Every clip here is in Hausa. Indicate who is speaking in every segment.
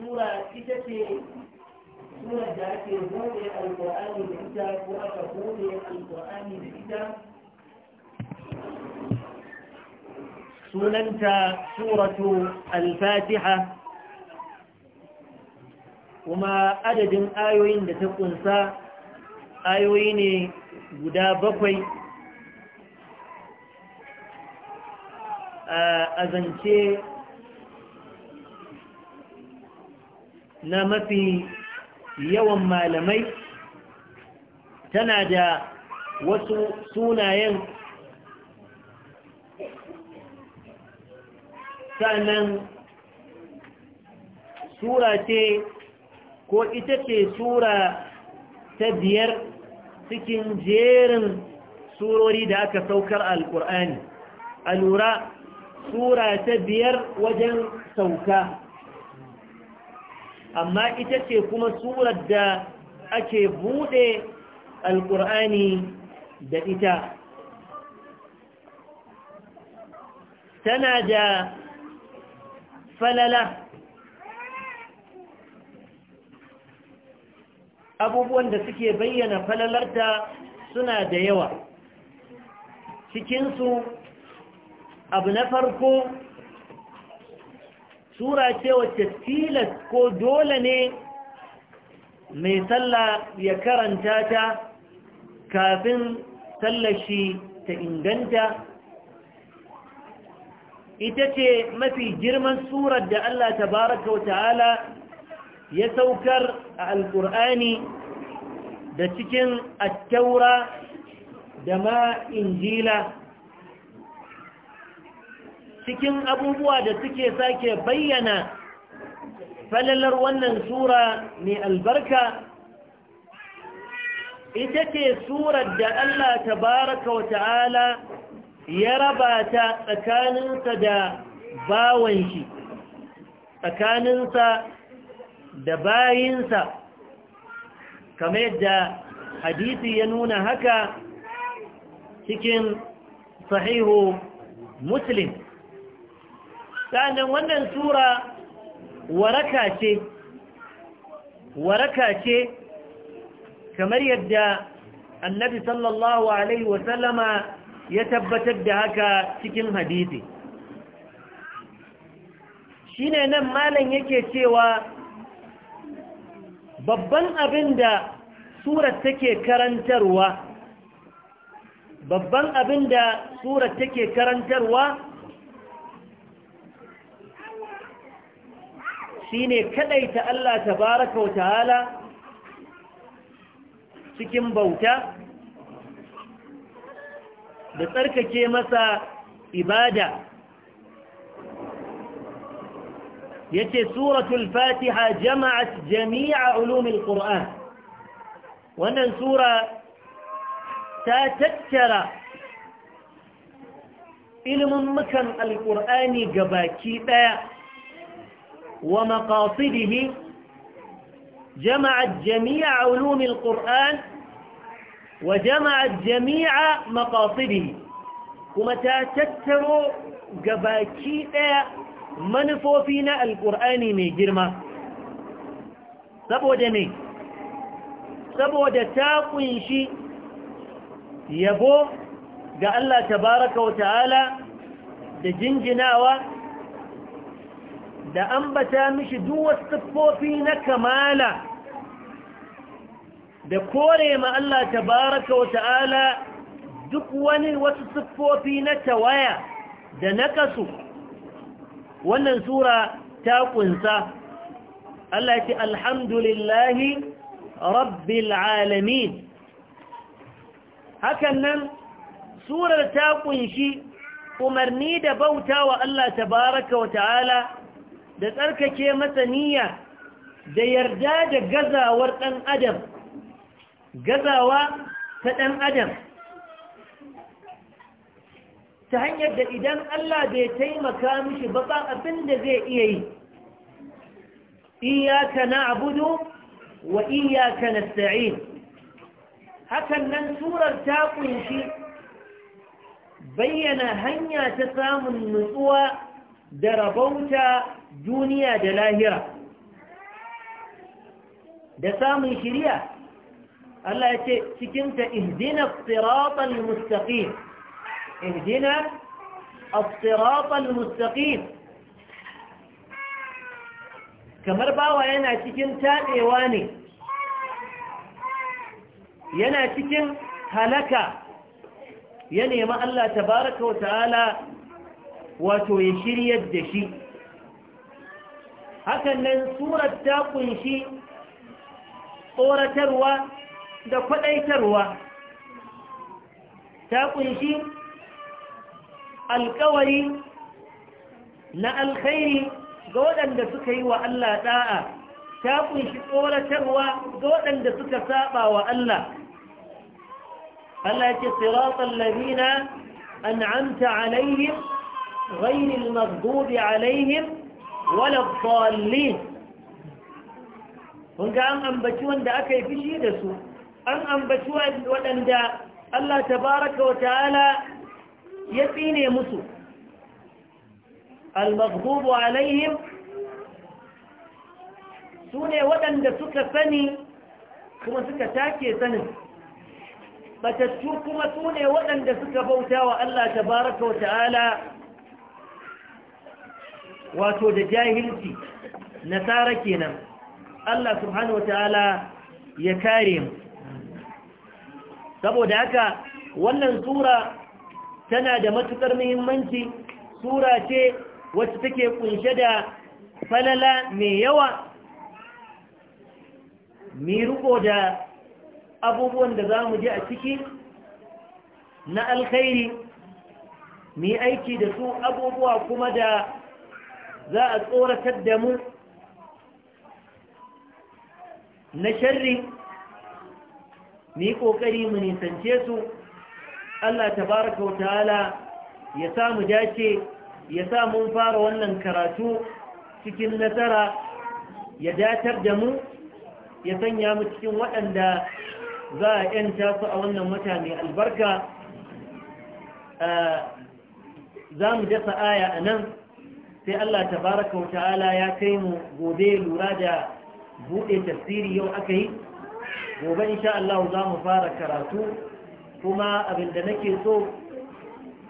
Speaker 1: sura ita ce sura da ake buɗe alƙur'ani da ita ko aka buɗe alƙur'ani da ita sunanta suratu al-fatiha kuma adadin ayoyin da ta kunsa ayoyi ne guda bakwai a zance na mafi yawan malamai tana da wasu sunayen sannan sura ce ko ita ce sura ta biyar cikin jerin surori da aka saukar Alƙur'ani a lura sura ta biyar wajen sauka amma ita ce kuma surar da ake buɗe alƙur'ani da ita tana da falala abubuwan da suke bayyana falalarta suna da yawa cikinsu abu na farko sura ce wacce tilas ko dole ne mai sallah ya karanta ta kafin sallashi ta inganta ita ce mafi girman surar da Allah tabaraka wata'ala ya saukar a alƙur'ani da cikin attaura da ma injila cikin abubuwa da suke sake bayyana falalar wannan sura mai albarka ita ce surar da Allah tabaraka wa ta'ala ya raba ta tsakaninsa da bawan shi tsakaninsa da bayinsa kamar yadda hadisi ya nuna haka cikin sahihu muslim sa'annan wannan sura waraka ce waraka ce kamar yadda annabi sallallahu alaihi wasallama ya tabbatar da haka cikin hadisi shine nan malam yake cewa babban abin da surar take karantarwa babban abin da sura take karantarwa shine kaɗaita Allah baraka wa ta'ala cikin bauta da tsarkake masa ibada yace suratul fatiha jama'at jami'a ulumil qur'an wannan sura ta tattara ilimin mukan ga gabaki daya ومقاصده جمعت جميع علوم القرآن وجمعت جميع مقاصده كما تتروا قباكي ايه منفوفين القرآن من جرمه saboda me سبو ta kunshi yabo ga Allah tabaraka wa ta'ala da jinjinawa da ambata mishi duwa siffofi na kamala da kore ma Allah tabaraka wa ta'ala duk wani wasu siffofi na tawaya da nakasu wannan sura ta kunsa Allah ya ce alhamdulillahi rabbil alamin hakan nan surar ta kunshi umarni da bauta wa Allah tabaraka wa ta'ala da tsarkake masa niyya da yarda da gazawar ɗan adam gazawa ta ɗan adam ta hanyar da idan Allah bai taimaka mishi ba ba abin da zai iya yi iyaka na abudu wa iyaka na sa'in hakan nan turar ta kunshi bayyana hanya ta samun nutsuwa da rabauta duniya da lahira da samun shiriya Allah ya ce cikinta ihdina siratal mustaqim ihdina siratal mustaqim kamar bawa yana cikin tabewa ne yana cikin halaka ya nemi Allah tabaraka wa ta'ala wato ya shiryar da shi hakan nan surar ta kunshi tsoratarwa da kwadaitarwa ta kunshi alkawari na alkhairi ga waɗanda suka yi wa Allah ɗa'a ta kunshi tsoratarwa ga waɗanda suka saba wa Allah Allah ce siratan lamina an amta alaihim ghairil maghdubi alaihim wala dallin Kunga an ambaci wanda aka yi fishi da su an ambaci waɗanda Allah tabaraka wa ta'ala ya tsine musu al-maghdubu alaihim su ne waɗanda suka sani kuma suka take sanin batattu kuma su ne waɗanda suka bauta wa Allah tabaraka wa ta'ala wato da jahilci nasara kenan Allah subhanahu ta'ala ya kare mu saboda haka wannan sura tana da matukar muhimmanci sura ce wacce take kunshe da falala mai yawa mi riko da abubuwan da za mu ji a ciki na alkhairi mi aiki da su abubuwa kuma da za a tsoratar da mu na sharri mu yi ƙoƙari mu nisance su Allah tabaraka wa ta'ala ya samu dace ya sa mun fara wannan karatu cikin nasara ya datar da mu ya sanya mu cikin waɗanda za a ‘yanta su a wannan wata mai albarka ah, za mu dasa aya a nan sai Allah baraka wa ta'ala ya kai mu gobe lura da buɗe tafsiri yau aka yi gobe insha Allah za mu fara karatu kuma abin da nake so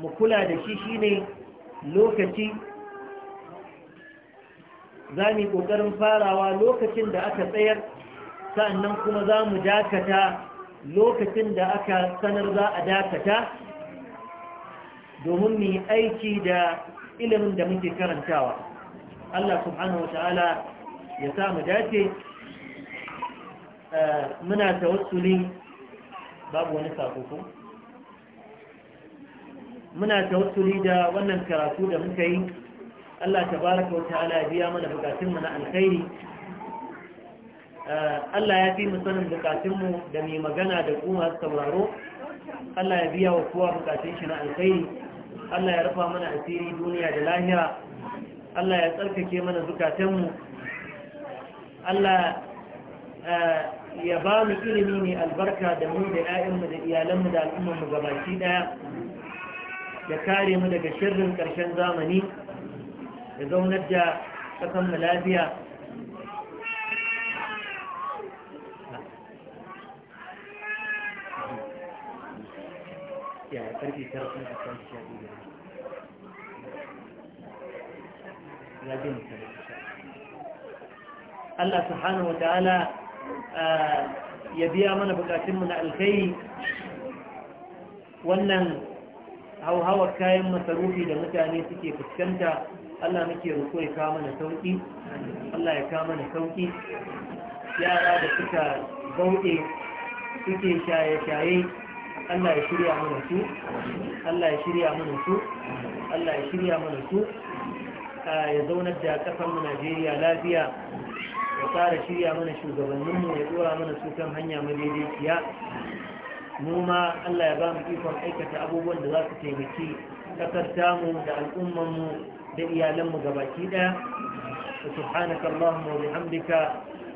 Speaker 1: mu kula da shi shine lokaci za mu ƙoƙarin farawa lokacin da aka tsayar sa'annan kuma za mu dakata lokacin da aka sanar za a dakata domin mu yi aiki da ilimin da muke karantawa Allah subhanahu ta'ala ya sa mu dace eh, muna tawassuli babu wani sakoko muna tawassuli da wannan karatu da muka yi Allah tabaraka ta'ala ya biya mana bukatun na alkhairi eh, Allah ya fi sanin bukatunmu da mai magana da kuma sauraro Allah ya biya wa kowa bukatun shi na alkhairi Allah ya rufa mana asiri duniya da lahira Allah ya tsarkake mana zukatanmu Allah eh, ya ba mu ilimi mai albarka da mu da 'ya'yanmu da iyalanmu da mu gabaki ɗaya, ya kare mu daga shirin ƙarshen zamani ya zaunar da ƙasanmu lafiya ya Allah subhanahu wa ya biya mana bukatun mu na alkai wannan hauhawar kayan masarufi da mutane suke fuskanta Allah muke roƙo ya kama mana sauƙi Allah ya kama na sauƙi yara da suka bauɗe suke shaye-shaye Allah ya shirya mana su Allah ya shirya mana su Allah ya shirya mana su ya zaunar da kasar mu Najeriya lafiya ya tsara shirya mana shugabannin mu ya dora mana su kan hanya madaidaiciya mu ma Allah ya ba mu ikon aikata abubuwan da za su taimaki kasar tamu da al'umman mu da iyalan mu gabaki daya subhanaka mu wa bihamdika